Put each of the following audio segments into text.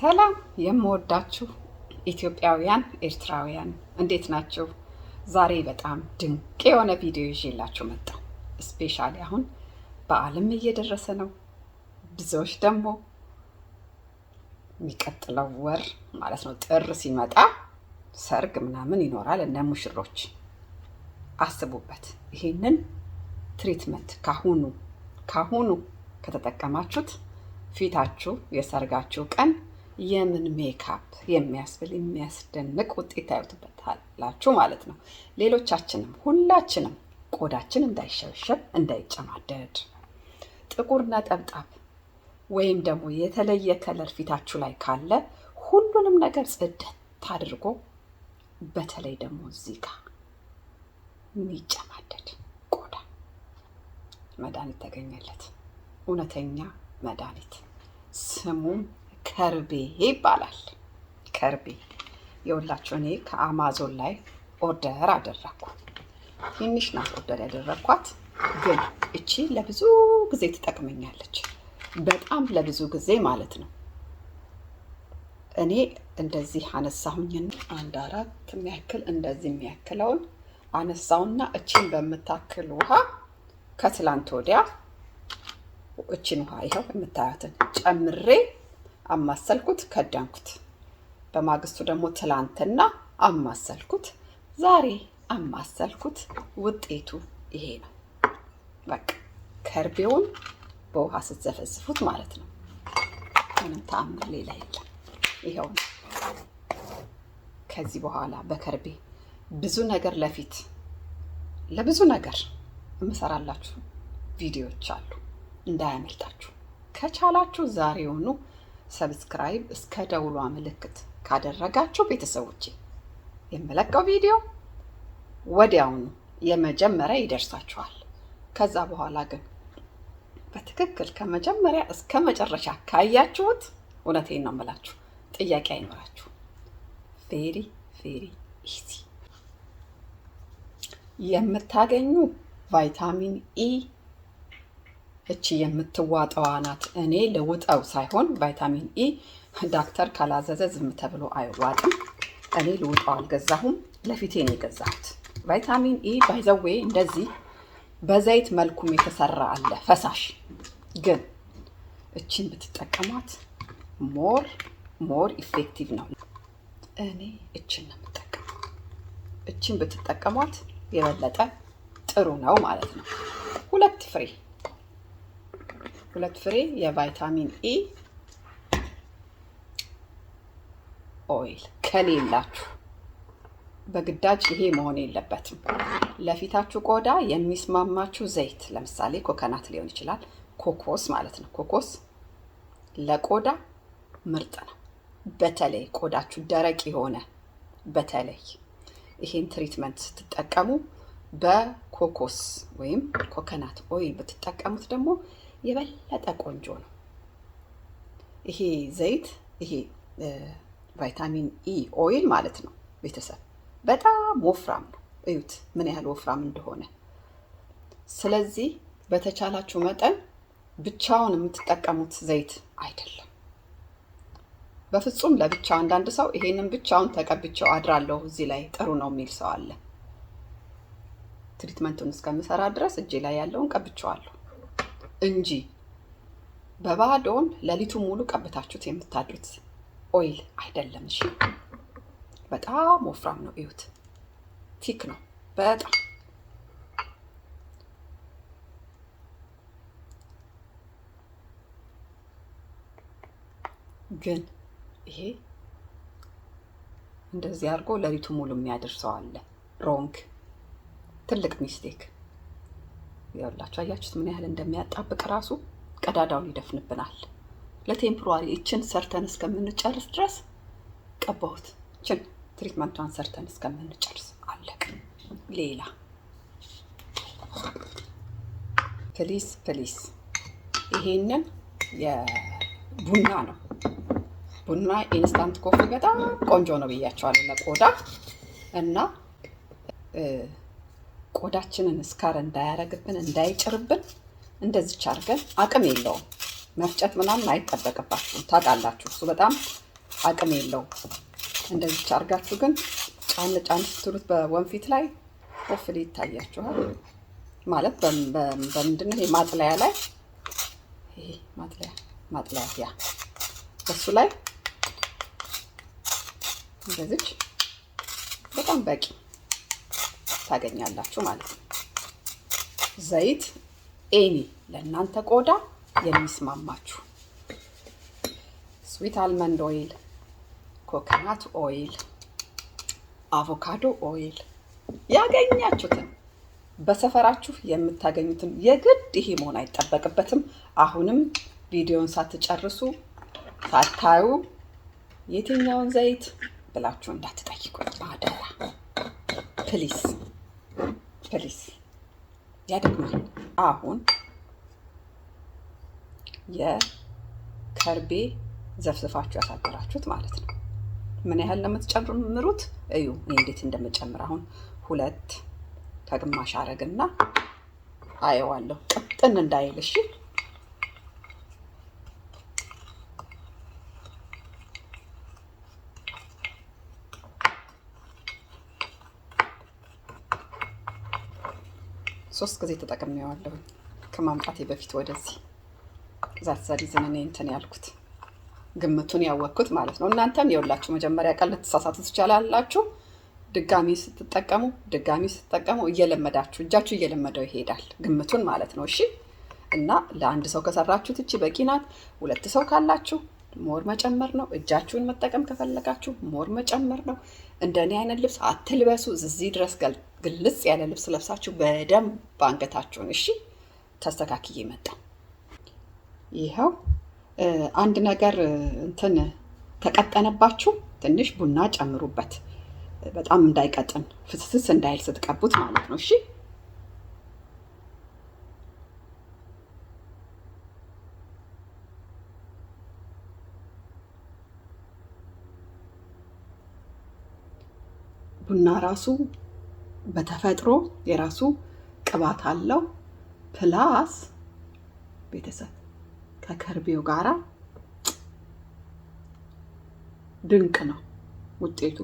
ሰላም የምወዳችሁ ኢትዮጵያውያን ኤርትራውያን እንዴት ናችሁ? ዛሬ በጣም ድንቅ የሆነ ቪዲዮ ይዤላችሁ መጣሁ። ስፔሻሊ አሁን በዓልም እየደረሰ ነው። ብዙዎች ደግሞ የሚቀጥለው ወር ማለት ነው ጥር ሲመጣ ሰርግ ምናምን ይኖራል። እነ ሙሽሮች አስቡበት። ይሄንን ትሪትመንት ካሁኑ ካሁኑ ከተጠቀማችሁት ፊታችሁ የሰርጋችሁ ቀን የምን ሜካፕ የሚያስብል የሚያስደንቅ ውጤት ታዩትበታላችሁ ማለት ነው። ሌሎቻችንም ሁላችንም ቆዳችን እንዳይሸበሸብ እንዳይጨማደድ፣ ጥቁር ነጠብጣብ ወይም ደግሞ የተለየ ከለር ፊታችሁ ላይ ካለ ሁሉንም ነገር ጽድት አድርጎ በተለይ ደግሞ እዚህ ጋር የሚጨማደድ ቆዳ መድኃኒት ተገኘለት። እውነተኛ መድኃኒት ስሙም ከርቤ ይባላል። ከርቤ የሁላችሁ እኔ ከአማዞን ላይ ኦርደር አደረግኩ። ትንሽ ናት ኦርደር ያደረግኳት፣ ግን እቺ ለብዙ ጊዜ ትጠቅመኛለች። በጣም ለብዙ ጊዜ ማለት ነው። እኔ እንደዚህ አነሳሁኝና አንድ አራት የሚያክል እንደዚህ የሚያክለውን አነሳውና እቺን በምታክል ውሃ ከትላንት ወዲያ እችን ውሃ ይኸው የምታያትን ጨምሬ አማሰልኩት፣ ከዳንኩት በማግስቱ ደግሞ ትላንትና አማሰልኩት፣ ዛሬ አማሰልኩት። ውጤቱ ይሄ ነው። በቃ ከርቤውን በውሃ ስትዘፈዝፉት ማለት ነው። ምንም ተአምር ሌላ የለም። ይኸው ነው። ከዚህ በኋላ በከርቤ ብዙ ነገር ለፊት ለብዙ ነገር የምሰራላችሁ ቪዲዮዎች አሉ፣ እንዳያመልጣችሁ። ከቻላችሁ ዛሬውኑ ሰብስክራይብ እስከ ደውሏ ምልክት ካደረጋችሁ ቤተሰቦቼ የምለቀው ቪዲዮ ወዲያውኑ የመጀመሪያ ይደርሳችኋል። ከዛ በኋላ ግን በትክክል ከመጀመሪያ እስከ መጨረሻ ካያችሁት እውነቴን ነው የምላችሁ፣ ጥያቄ አይኖራችሁ። ቬሪ ቬሪ ኢዚ የምታገኙ ቫይታሚን ኢ እቺ የምትዋጠዋ ናት። እኔ ልውጠው ሳይሆን ቫይታሚን ኢ ዳክተር ካላዘዘ ዝም ተብሎ አይዋጥም። እኔ ልውጠው አልገዛሁም፣ ለፊቴ ነው የገዛሁት። ቫይታሚን ኢ ባይዘዌ እንደዚህ በዘይት መልኩም የተሰራ አለ ፈሳሽ። ግን እቺን ብትጠቀሟት ሞር ሞር ኢፌክቲቭ ነው። እኔ እችን ነው የምጠቀመው። እችን ብትጠቀሟት የበለጠ ጥሩ ነው ማለት ነው። ሁለት ፍሬ ሁለት ፍሬ የቫይታሚን ኢ ኦይል ከሌላችሁ በግዳጅ ይሄ መሆን የለበትም። ለፊታችሁ ቆዳ የሚስማማችሁ ዘይት ለምሳሌ ኮከናት ሊሆን ይችላል፣ ኮኮስ ማለት ነው። ኮኮስ ለቆዳ ምርጥ ነው። በተለይ ቆዳችሁ ደረቅ የሆነ በተለይ ይሄን ትሪትመንት ስትጠቀሙ በኮኮስ ወይም ኮከናት ኦይል ብትጠቀሙት ደግሞ የበለጠ ቆንጆ ነው። ይሄ ዘይት ይሄ ቫይታሚን ኢ ኦይል ማለት ነው። ቤተሰብ በጣም ወፍራም ነው። እዩት ምን ያህል ወፍራም እንደሆነ። ስለዚህ በተቻላችሁ መጠን ብቻውን የምትጠቀሙት ዘይት አይደለም፣ በፍጹም ለብቻው። አንዳንድ ሰው ይሄንን ብቻውን ተቀብቼው አድራለሁ እዚህ ላይ ጥሩ ነው የሚል ሰው አለ። ትሪትመንቱን እስከምሰራ ድረስ እጄ ላይ ያለውን ቀብቼዋለሁ። እንጂ በባዶን ለሊቱ ሙሉ ቀብታችሁት የምታድሩት ኦይል አይደለም። እሺ፣ በጣም ወፍራም ነው። እዩት፣ ቲክ ነው በጣም ግን ይሄ እንደዚህ አድርጎ ለሊቱ ሙሉ የሚያደርሰው አለ። ሮንግ ትልቅ ሚስቴክ ያላችሁ አያችሁት ምን ያህል እንደሚያጣብቅ ራሱ ቀዳዳውን ይደፍንብናል። ለቴምፖራሪ እችን ሰርተን እስከምንጨርስ ድረስ ቀባሁት። እችን ትሪትመንቷን ሰርተን እስከምንጨርስ አለቅ። ሌላ ፕሊስ ፕሊስ፣ ይሄንን የቡና ነው። ቡና ኢንስታንት ኮፊ በጣም ቆንጆ ነው ብያቸዋለሁ ለቆዳ እና ቆዳችንን እስካር እንዳያረግብን እንዳይጭርብን እንደዚች አድርገን አቅም የለውም መፍጨት ምናምን አይጠበቅባችሁም። ታውቃላችሁ እሱ በጣም አቅም የለው እንደዚች አድርጋችሁ ግን ጫን ጫን ስትሉት በወንፊት ላይ ወፍል ይታያችኋል ማለት በምንድን ነው ማጥለያ ላይ ይሄ ማጥለያ ማጥለያ ያ እሱ ላይ እንደዚች በጣም በቂ ታገኛላችሁ ማለት ነው። ዘይት ኤኒ ለእናንተ ቆዳ የሚስማማችሁ ስዊት አልመንድ ኦይል፣ ኮኮናት ኦይል፣ አቮካዶ ኦይል ያገኛችሁትን በሰፈራችሁ የምታገኙትን የግድ ይሄ መሆን አይጠበቅበትም። አሁንም ቪዲዮን ሳትጨርሱ ሳታዩ የትኛውን ዘይት ብላችሁ እንዳትጠይቁ አደራ ፕሊስ። ፕሊስ ያደግማል። አሁን የከርቤ ዘፍዝፋችሁ ያሳደራችሁት ማለት ነው። ምን ያህል ለምትጨምሩት እዩ። እኔ እንዴት እንደምጨምር አሁን ሁለት ከግማሽ አረግና አየዋለሁ፣ ቅጥን እንዳይል እሺ። ሶስት ጊዜ ተጠቅሜዋለሁ ከማምጣቴ በፊት ወደዚህ ዛት ዘመኔ እንትን ያልኩት ግምቱን ያወቅኩት ማለት ነው። እናንተም የውላችሁ መጀመሪያ ቀን ልትሳሳቱ ትችላላችሁ። ድጋሚ ስትጠቀሙ ድጋሚ ስትጠቀሙ እየለመዳችሁ እጃችሁ እየለመደው ይሄዳል፣ ግምቱን ማለት ነው። እሺ እና ለአንድ ሰው ከሰራችሁ ትቺ በቂ ናት። ሁለት ሰው ካላችሁ ሞር መጨመር ነው። እጃችሁን መጠቀም ከፈለጋችሁ ሞር መጨመር ነው። እንደ እኔ አይነት ልብስ አትልበሱ እዚህ ድረስ ገል። ግልጽ ያለ ልብስ ለብሳችሁ በደንብ በአንገታችሁን እሺ። ተስተካክዬ መጣ። ይኸው አንድ ነገር እንትን ተቀጠነባችሁ፣ ትንሽ ቡና ጨምሩበት። በጣም እንዳይቀጥን ፍስስስ እንዳይል ስትቀቡት ማለት ነው። እሺ ቡና ራሱ በተፈጥሮ የራሱ ቅባት አለው። ፕላስ ቤተሰብ ከከርቤው ጋራ ድንቅ ነው ውጤቱ።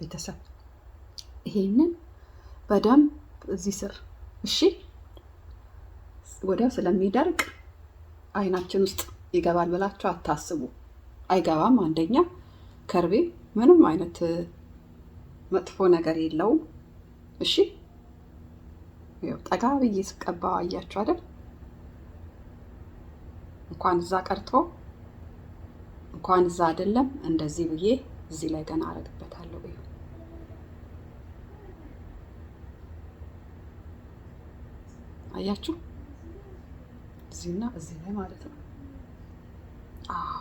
ቤተሰብ ይሄንን በደንብ እዚህ ስር እሺ፣ ወዲያው ስለሚደርቅ አይናችን ውስጥ ይገባል ብላችሁ አታስቡ። አይገባም። አንደኛ ከርቤ ምንም አይነት መጥፎ ነገር የለውም። እሺ፣ ይኸው ጠጋ ብዬ ስቀባ አያችሁ አይደል? እንኳን እዛ ቀርቶ እንኳን እዛ አይደለም እንደዚህ ብዬ እዚህ ላይ ገና አረግበት አያችሁ እዚህና እዚህ ላይ ማለት ነው። አዎ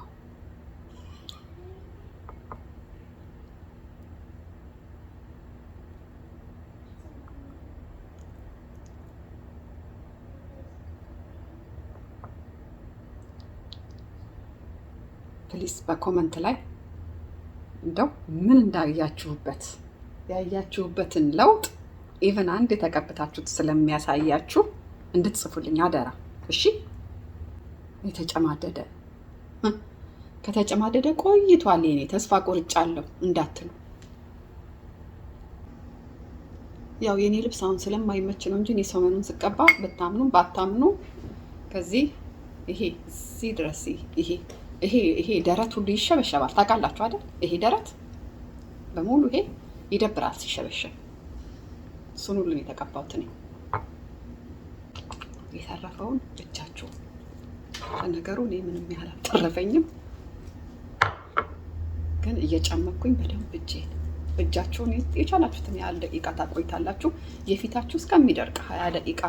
ፕሊስ በኮመንት ላይ እንደው ምን እንዳያችሁበት ያያችሁበትን ለውጥ ኢቨን አንድ የተቀብታችሁት ስለሚያሳያችሁ እንድትጽፉልኝ አደራ። እሺ። የተጨማደደ ከተጨማደደ ቆይቷል። የኔ ተስፋ ቆርጫለሁ እንዳትሉ። ያው የኔ ልብስ አሁን ስለማይመች ነው እንጂ እኔ ስቀባ ብታምኑ ባታምኑ ከዚህ ይሄ እዚህ ድረስ ይሄ ይሄ ይሄ ደረት ሁሉ ይሸበሸባል። ታውቃላችሁ አይደል? ይሄ ደረት በሙሉ ይሄ ይደብራል ሲሸበሸብ። እሱን ሁሉ የተቀባሁት እኔ የተረፈውን ብቻችሁ። ለነገሩ እኔ ምንም ያህል አልተረፈኝም፣ ግን እየጨመኩኝ በደንብ እጄ እጃችሁን የቻላችሁትን ያህል ደቂቃ ታቆይታላችሁ። የፊታችሁ እስከሚደርቅ ሀያ ደቂቃ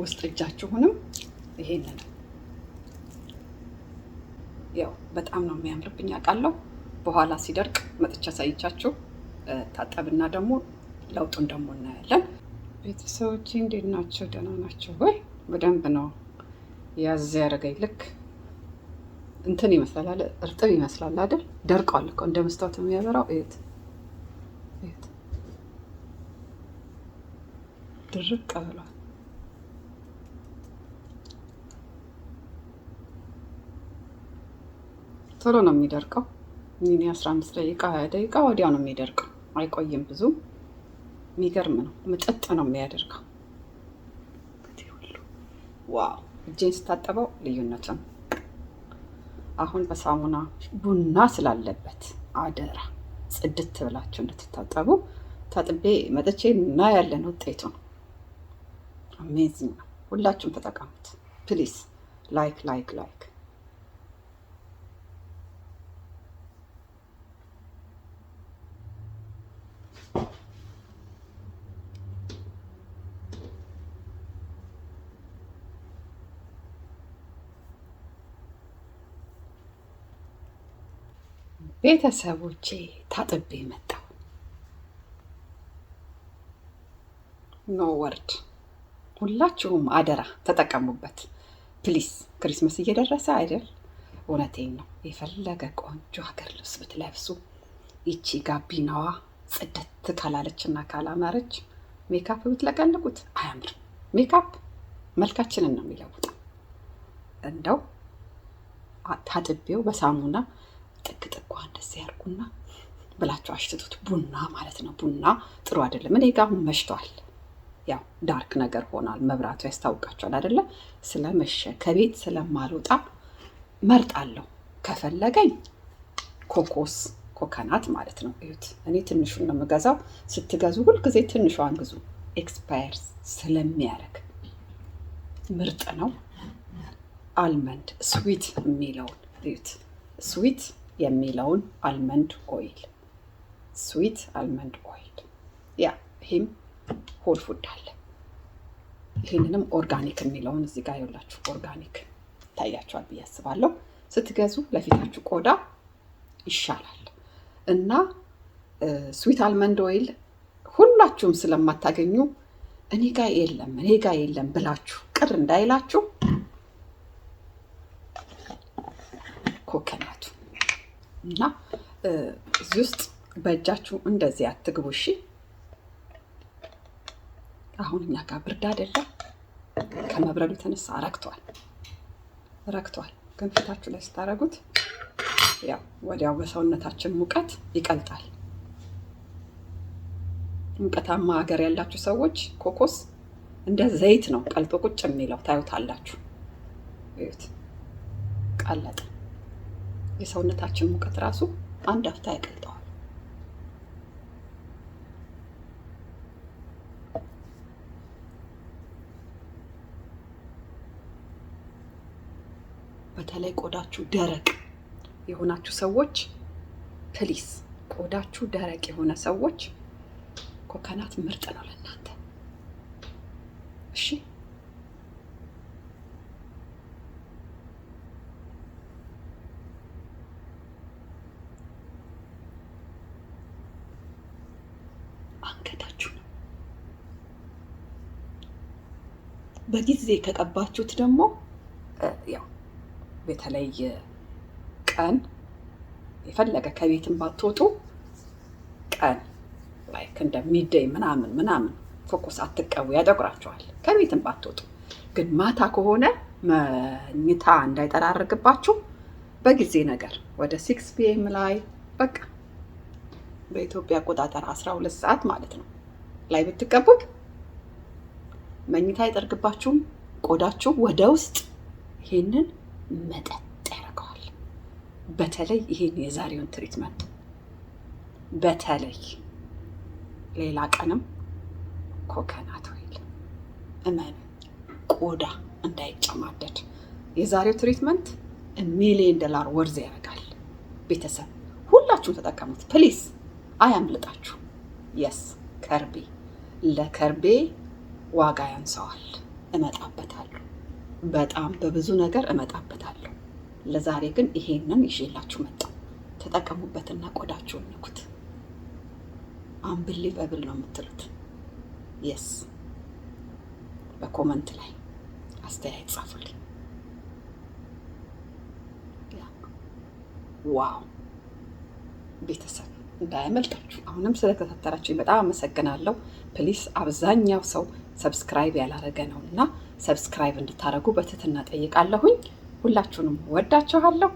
ውስጥ እጃችሁንም ይሄንን ያው በጣም ነው የሚያምርብኝ አውቃለሁ። በኋላ ሲደርቅ መጥቻ ሳይቻችሁ ታጠብና ደግሞ ለውጡን ደግሞ እናያለን። ቤተሰቦቼ እንዴት ናቸው? ደህና ናቸው ወይ? በደንብ ነው ያዝ ያደረገኝ። ልክ እንትን ይመስላል፣ እርጥብ ይመስላል አይደል? ደርቋል እኮ እንደ መስታወት የሚያበራው እት ድርቅ ብሏል። ቶሎ ነው የሚደርቀው። ኒኒ 15 ደቂቃ 20 ደቂቃ ወዲያው ነው የሚደርቀው። አይቆይም ብዙ። የሚገርም ነው። ምጥጥ ነው የሚያደርገው። ዋው! እጄን ስታጠበው ልዩነቱን አሁን በሳሙና ቡና ስላለበት አደራ ጽድት ብላችሁ እንድትታጠቡ። ታጥቤ መጥቼ እና ያለን ውጤቱን አሜዚንግ ነው። ሁላችሁም ተጠቀሙት ፕሊስ ላይክ ላይክ ላይክ ቤተሰቦቼ ታጥቤ መጣሁ። ኖ ወርድ ሁላችሁም አደራ ተጠቀሙበት ፕሊስ። ክሪስመስ እየደረሰ አይደል? እውነቴን ነው። የፈለገ ቆንጆ ሀገር ልብስ ብትለብሱ ይቺ ጋቢናዋ ጽደት ካላለች እና ካላማረች ሜካፕ ብትለቀልቁት አያምርም። ሜካፕ መልካችንን ነው የሚለውጠው። እንደው ታጥቤው በሳሙና ጥግ እንደዚህ ያርጉና ብላችሁ አሽትቱት። ቡና ማለት ነው። ቡና ጥሩ አይደለም። እኔ ጋ አሁን መሽቷል፣ ያው ዳርክ ነገር ሆኗል። መብራቱ ያስታውቃቸዋል አይደለ? ስለመሸ ከቤት ስለማልወጣ መርጣለሁ። ከፈለገኝ ኮኮስ ኮከናት ማለት ነው። እዩት፣ እኔ ትንሹን ነው የምገዛው። ስትገዙ ሁልጊዜ ትንሿን ግዙ፣ ኤክስፓየር ስለሚያደርግ ምርጥ ነው። አልመንድ ስዊት የሚለውን እዩት፣ ስዊት የሚለውን አልመንድ ኦይል ስዊት አልመንድ ኦይል ያ ይህም ሆል ፉድ አለ። ይህንንም ኦርጋኒክ የሚለውን እዚህ ጋር የላችሁ ኦርጋኒክ ይታያችኋል ብዬ አስባለሁ። ስትገዙ ለፊታችሁ ቆዳ ይሻላል እና ስዊት አልመንድ ኦይል ሁላችሁም ስለማታገኙ እኔ ጋ የለም እኔ ጋ የለም ብላችሁ ቅር እንዳይላችሁ ኮከናቱ እና እዚህ ውስጥ በእጃችሁ እንደዚህ አትግቡ እሺ። አሁን እኛ ጋር ብርድ አይደለም። ከመብረዱ የተነሳ ረግቷል ረግቷል። ግን ፊታችሁ ላይ ስታረጉት ያው ወዲያው በሰውነታችን ሙቀት ይቀልጣል። ሙቀታማ ሀገር ያላችሁ ሰዎች ኮኮስ እንደ ዘይት ነው ቀልጦ ቁጭ የሚለው ታዩታላችሁ። እዩት፣ ቀለጠ። የሰውነታችን ሙቀት ራሱ አንድ አፍታ ያቀልጠዋል። በተለይ ቆዳችሁ ደረቅ የሆናችሁ ሰዎች ፕሊስ፣ ቆዳችሁ ደረቅ የሆነ ሰዎች ኮከናት ምርጥ ነው ለእናንተ። እሺ በጊዜ ከቀባችሁት ደግሞ ያው በተለየ ቀን የፈለገ ከቤትም ባትወጡ ቀን ላይክ እንደ ሚደይ ምናምን ምናምን ፎከስ አትቀቡ፣ ያጠቁራችኋል። ከቤትም ባትወጡ ግን ማታ ከሆነ መኝታ እንዳይጠራርግባችሁ በጊዜ ነገር ወደ ሲክስ ፒኤም ላይ በቃ በኢትዮጵያ አቆጣጠር አስራ ሁለት ሰዓት ማለት ነው ላይ ብትቀቡት መኝታ አይጠርግባችሁም። ቆዳችሁ ወደ ውስጥ ይሄንን መጠጥ ያደርገዋል። በተለይ ይሄን የዛሬውን ትሪትመንት በተለይ ሌላ ቀንም ኮከናት ወይል እመን ቆዳ እንዳይጨማደድ የዛሬው ትሪትመንት ሚሊዮን ዶላር ወርዝ ያደርጋል። ቤተሰብ ሁላችሁም ተጠቀሙት ፕሊስ አያምልጣችሁ። የስ ከርቤ ለከርቤ ዋጋ ያንሰዋል። እመጣበታለሁ፣ በጣም በብዙ ነገር እመጣበታለሁ። ለዛሬ ግን ይሄንን ይዤላችሁ መጣሁ። ተጠቀሙበትና ቆዳችሁን ንኩት። በብል ነው የምትሉት የስ በኮመንት ላይ አስተያየት ጻፉልኝ። ዋው ቤተሰብ እንዳያመልጣችሁ። አሁንም ስለተከታተላችሁኝ በጣም አመሰግናለሁ። ፕሊስ አብዛኛው ሰው ሰብስክራይብ ያላረገ ነው እና ሰብስክራይብ እንድታደረጉ በትህትና ጠይቃለሁኝ። ሁላችሁንም ወዳችኋለሁ።